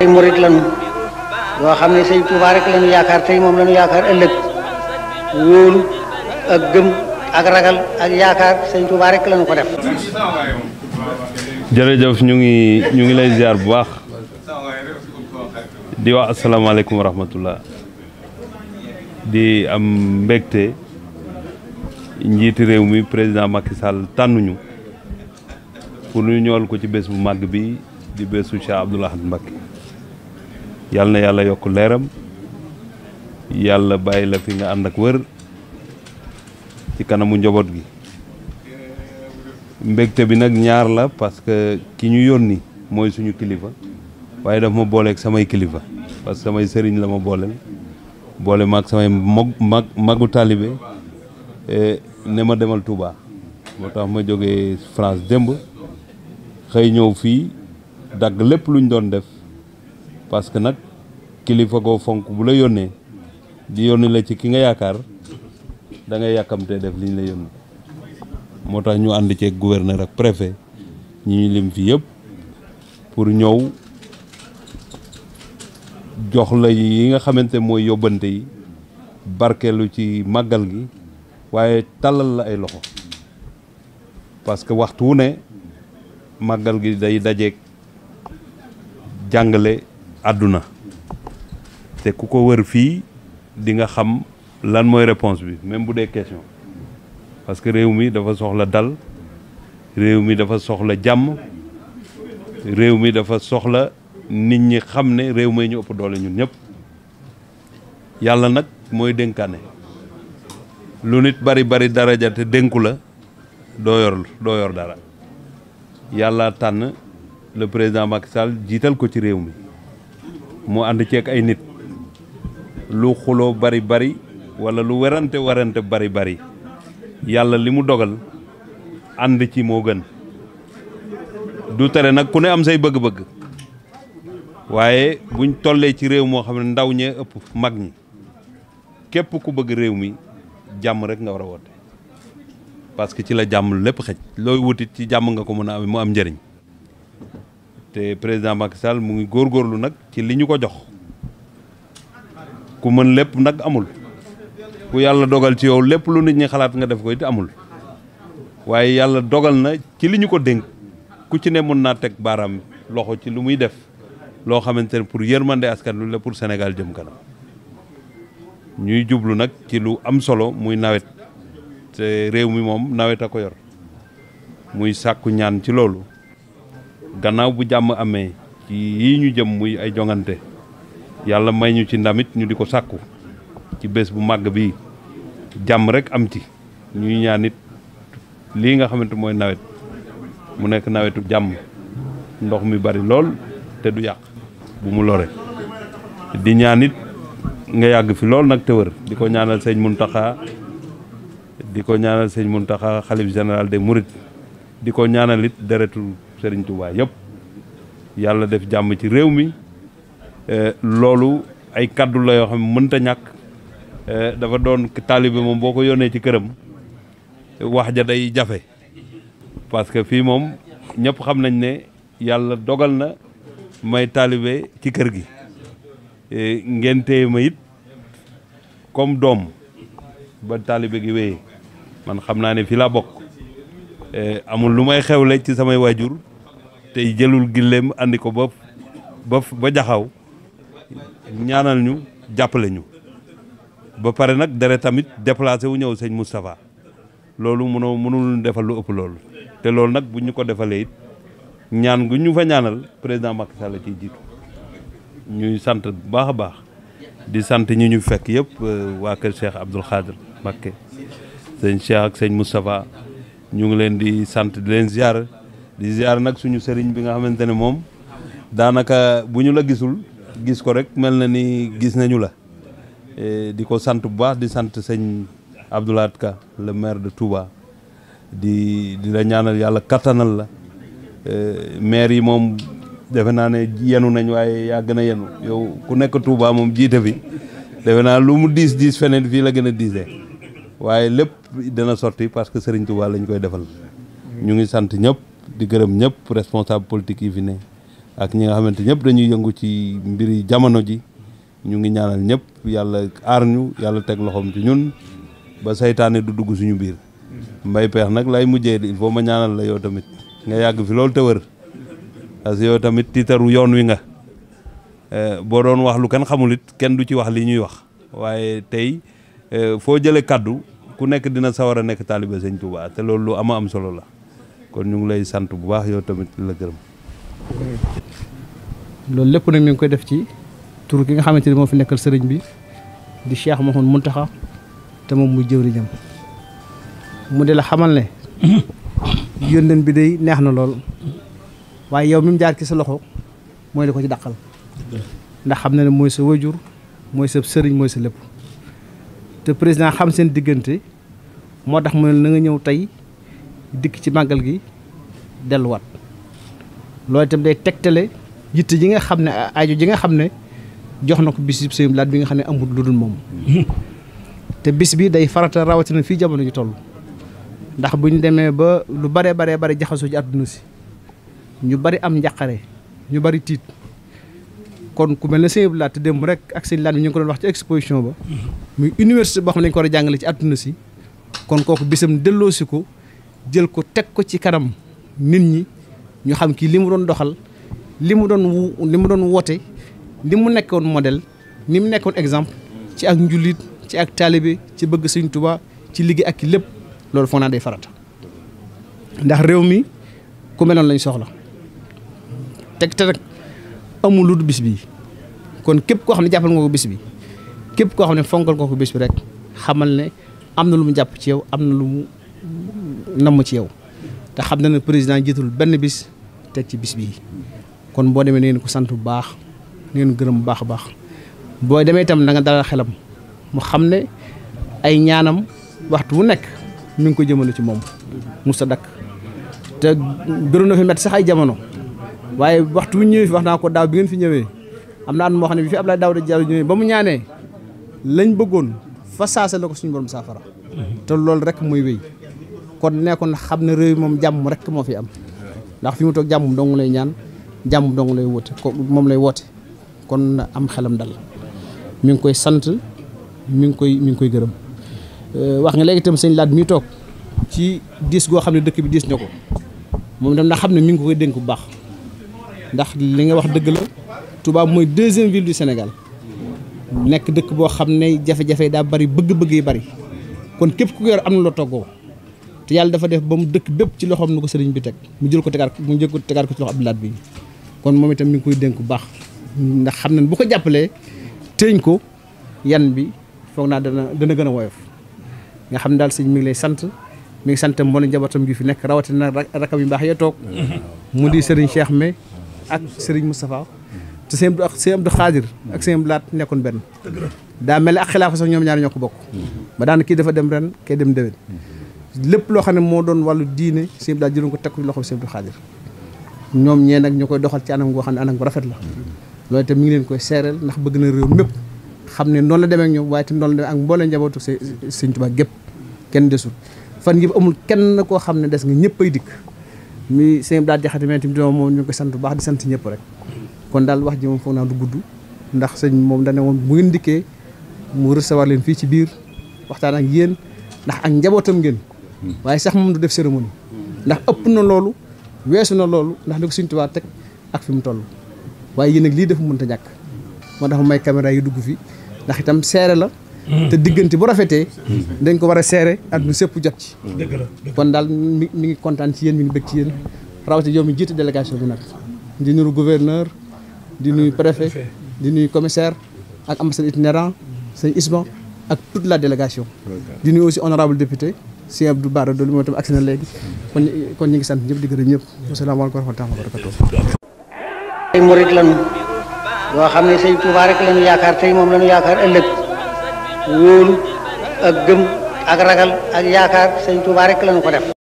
ay murit lañu yoo xam ne sëñ Tuubaa rek yaakaar tey moom lañu yaakaar ëllëg ak gëm ak ragal ak sëñ Tuubaa rek lañu ko def. ñu ngi ñu ngi lay ziar bu baax di wax asalaamaaleykum wa di am mbégte njiiti réew mi président Macky Sall tànnuñu pour ñu ñëwal ko ci bés bu màgg bi di bésu Cheikh Abdoul Ahad Mbacké yàlla na yàlla yokk leeram yàlla bàyyi la fi nga ànd ak wër ci kanamu njaboot gi mbegte bi nag ñaar la parce que ki ñu yónni mooy suñu kilifa waaye daf ma booleek samay kilifa parce que samay sëriñ la ma booleel boole maag samay mag mag magu taalibe e, ne ma demal Touba moo tax ma jógee France démb xëy ñëw fii dagg lépp luñ doon def parce que nag kilifa goo fonk bu la yónnee di yónni la ci ki nga yaakaar da ngay yàkkamtee def liñ ñu la yónni moo tax ñu ànd ceeg gouverneur ak préfet ñi ñu lim fi yëpp pour ñëw jox la yi nga xamante mooy yóbbante yi barkeelu ci màggal gi waaye tàllal la ay loxo parce que waxtu wu ne màggal gi day dajeeg jàngale àdduna te ku ko wër fii di nga xam lan mooy réponse bi même bu dee question parce que réew mi dafa soxla dal réew mi dafa soxla jàmm réew mi dafa soxla nit ñi xam ne réew may ñu ëpp doole ñun ñëpp yàlla nag mooy dénkaane lu nit bari bari daraja te dénku la doo yor doo yor dara yàlla tànn le président Macky Sall jiital ko ci réew mi mu ànd ceeg ay nit lu xuloo bari bari wala lu werante werante bari bari yàlla li mu dogal ànd ci moo gën du tere nag ku ne am say bëgg-bëgg waaye buñ tollee ci réew moo xam ne ndaw ñee ëpp mag ñi képp ku bëgg réew mi jàmm rek nga war a woote parce que ci la jàmm lépp xëj looy wutit ci jàmm nga ko mën a am mu am njëriñ te président Macky Sall mu ngi góor góorlu nag ci li ñu ko jox ku mën lépp nag amul ku yàlla dogal ci yow lépp lu nit ñi xalaat nga def koy it amul waaye yàlla dogal na ci li ñu ko dénk ku ci ne mën naa teg baaraam loxo ci lu muy def loo xamante ne pour yërmande askan lu la pour Sénégal jëm kanam ñuy jublu nag ci lu am solo muy nawet te réew mi moom nawet a ko yor muy sàkku ñaan ci loolu gannaaw bu jàmm amee ci yii ñu jëm muy ay jongante yàlla may ñu ci ndamit ñu di ko sàkku ci bés bu màgg bi jàmm rek am ci ñuy ñaan lii nga xamante mooy nawet mu nekk nawetu jàmm ndox mi bari lool te du yàq bu mu lore di ñaan it nga yàgg fi lool nag te di ko ñaanal sëñ Muntaxa di ko ñaanal sëñ Muntaxa xalif général de Mourides di ko ñaanal it deretu Serigne Touba yëpp yàlla def jàmm ci réew mi eh, loolu ay kaddu la yoo xam ne mënta ñàkk eh, dafa doon taalibe moom boo ko yónnee ci këram wax ja day jafe parce que fii moom ñëpp xam nañ ne yàlla dogal na may taalibe ci kër gi eh, ngeen téye ma it comme doom ba taalibe gi wéyee man xam naa ne fii laa bokk amul lu may xewle ci samay waajur tey jëlul gilleem andi ko ba ba ba jaxaw ñaanal ñu jàppale ñu ba pare nag dere tamit déplacé wu ñëw sëñ Moustapha loolu mënoo mënul defal lu ëpp loolu te loolu nag bu ñu ko defalee it ñaan gu ñu fa ñaanal président Macky Sall ciy ñuy sant bu baax a baax di sant ñi ñu fekk yëpp euh, waa kër Cheikh Abdoul Khadir Mbacké ak sëñ Moustapha ñu ngi leen di sant di leen ziar di ziar nag suñu sëriñ bi nga xamante ne moom daanaka bu ñu la gisul gis ko rek mel na ni gis nañu la e, di ko sant bu baax di sant sëñ Abdou Lahad Ka le maire de Touba di di la ñaanal yàlla kattanal la e, maire yi moom defe naa ne yenu nañ waaye yaa gën a yenu yow ku nekk Touba moom jiite fi defe naa lu mu diis diis feneen fii la gën a diisee waaye lépp dana sorti parce que Serigne Touba lañ koy defal ñu ngi sant ñëpp. di gërëm ñëpp responsable politique yi fi ne ak ñi nga xamante ñëpp dañuy yëngu ci mbiri jamono ji ñu ngi ñaanal ñëpp yàlla aar ñu yàlla teg loxoom ci ñun ba seytaane du dugg suñu biir mbay peex nag lay mujjee il faut ma ñaanal la yow tamit nga yàgg fi loolu te wër parce tamit tiitaru yoon wi nga eh, boo doon wax lu kenn xamul it kenn du ci wax li ñuy wax waaye tey eh, foo jëlee kàddu ku nekk dina sawar a nekk taalibe sëñ Tuubaa te loolu lu ama am solo la kon ñu ngi lay sant bu baax yow tamit la gërëm. loolu lépp nag mi ngi koy def ci tur ki nga xamante ni moo fi nekkal sëriñ bi di Cheikh Mouhamadou Mountakha te moom muy jëwriñam mu di la xamal ne yónneen bi dey neex na lool waaye yow mi mu jaar ci sa loxo mooy li ko ci daqal ndax xam na ne mooy sa wajur mooy sa sëriñ mooy sa lépp te président xam seen diggante moo tax mu ne na nga ñëw tey dikk ci màggal gi delluwaat loolu itam day tegtale yitte ji nga xam ne aajo ji nga xam ne jox na ko bis yi sëñ bi nga xam ne amul lu dul moom te bis bi day farata rawatina fii jamono ji toll ndax bu ñu demee ba lu bare bare bare jaxasoo ci àdduna si ñu bari am njaqare ñu bari tiit kon ku mel ne sëñ laat te démb rek ak sëñ laat bi ñu ngi ko doon wax ci exposition ba mhm. muy université boo xam ne dañ ko war a jàngale ci àdduna si kon kooku bisam delloosi jël ko teg ko ci kanam nit ñi ñu xam kii li mu doon doxal li mu doon li mu doon woote ni mu nekkoon model ni mu nekkoon exemple ci ak njullit ci ak taalibe ci bëgg Sëñ Tuubaa ci liggéey ak ki lépp loolu foog naa day farata ndax réew mi ku meloon lañ soxla teg te rek amul lu bis bi kon képp koo xam ne jàppal nga ko bis bi képp koo xam ne fonkal nga ko bis bi rek xamal ne am na lu mu jàpp ci yow am na lu mu namm ci yow te xam na ne président jiitul benn bis te ci bis bii kon boo demee neen ko sant bu baax neen gërëm bu baax a baax boo demee itam na nga dalal xelam mu xam ne ay ñaanam waxtu wu nekk mi ngi ko jëmale ci moom mu sa dakk te gëroon na fi met sax ay jamono waaye waxtu wu ñëwee fi wax naa ko daaw bi ngeen fi ñëwee am na at moo xam ne bi fi daaw Daouda Diallo ñëwee ba mu ñaanee lañ bëggoon fa saasa la ko suñu borom saafara te loolu rek mooy wéy kon nekkoon xam ne réew moom jàmm rek moo fi am ndax fi mu toog jàmm dong lay ñaan jàmm dong lay woote ko moom lay woote kon am xelam dal mi ngi koy sant mi ngi koy mi ngi koy gërëm euh, wax nga léegi sëñ laat mi toog ci diis goo xam ne dëkk bi diis na ko moom dem na xam ne mu ngi koy dénk bu baax ndax li nga wax dëgg la tubaab mooy deuxième ville du Sénégal nekk dëkk boo xam ne jafe-jafe daa bari bëgg-bëgg yi bari kon képp ku yor am na la toggoo te yàlla dafa def ba mu dëkk bépp ci loxoom nu ko sëriñ bi teg mu jël ko tegaar mu jël ko ko ci loxo Abdou Lahad bi kon moom itam mi ngi koy dénk bu baax ndax xam nañ bu ko jàppalee teeñ ko yan bi foog naa dana dana gën a woyof nga xam ne daal sëñ mi ngi lay sant mi ngi sant mboolem njabootam gi fi nekk rawatina rakab yu baax ya toog mm-hmm. mu di sëriñ Cheikh May ak sëriñ Moustapha te sëñ ak sëñ Abdou Khadir ak sëñ Abdou Lahad nekkoon benn daa mel ne ak xilaafa sax ñoom ñaar ñoo ko bokk mm-hmm. ba daan kii dafa dem ren kay dem déwén mm-hmm. lépp loo xam ne moo doon wàllu diine sëñ bi daal jëloon ko teg ko ci loxo sëñ Abdou ñoom ñee nag ñu koy doxal ci goo xam ne anam gu rafet la loolu itam mi ngi leen koy seereel ndax bëgg na réew mépp xam ne noonu la demee ak ñoom waaye itam noonu la demee ak mbooleem njabootu sëñ gépp kenn desul fan yëpp amul kenn koo xam ne des nga ñëpp ay dikk mi sëñ bi daal jaxati mais itam dina moom ñu ngi koy sant bu baax di sant ñëpp rek kon daal wax ji moom foog naa du gudd ndax sëñ moom dane woon bu ngeen dikkee mu recevoir leen fii ci biir waxtaan ak yéen ndax ak njabootam ngeen waaye sax moom du def cérémonie ndax ëpp na loolu weesu na loolu ndax li ko Sëriñ teg ak fi mu toll waaye yéen nag lii dafa mënta ñàkk ma tax may caméra yi dugg fi ndax itam seere la te diggante bu rafetee dañ ko war a seere at nu sëpp jot ci kon daal mi mi ngi kontaan ci yéen mi ngi bëgg ci yéen rawatina yow mi jiite délégation bi nag di nuyu gouverneur di nuy préfet di nuy commissaire ak ambassade itinérant sëñ Isma ak toute la délégation di nuyu aussi honorable député sëñ Abdou Bara Dolly moo tam agsi na léegi kon kon ñu ngi sant ñëpp di gërëm ñëpp asalaamaaleykum wa rahmatullaahi wa barakaatuh ay murit lañu yoo xam ne sëñ Tuubaa rek lañu yaakaar tey moom lañu yaakaar ëllëg wóolu ak gëm ak ragal ak yaakaar sëñ Tuubaa rek lañu ko def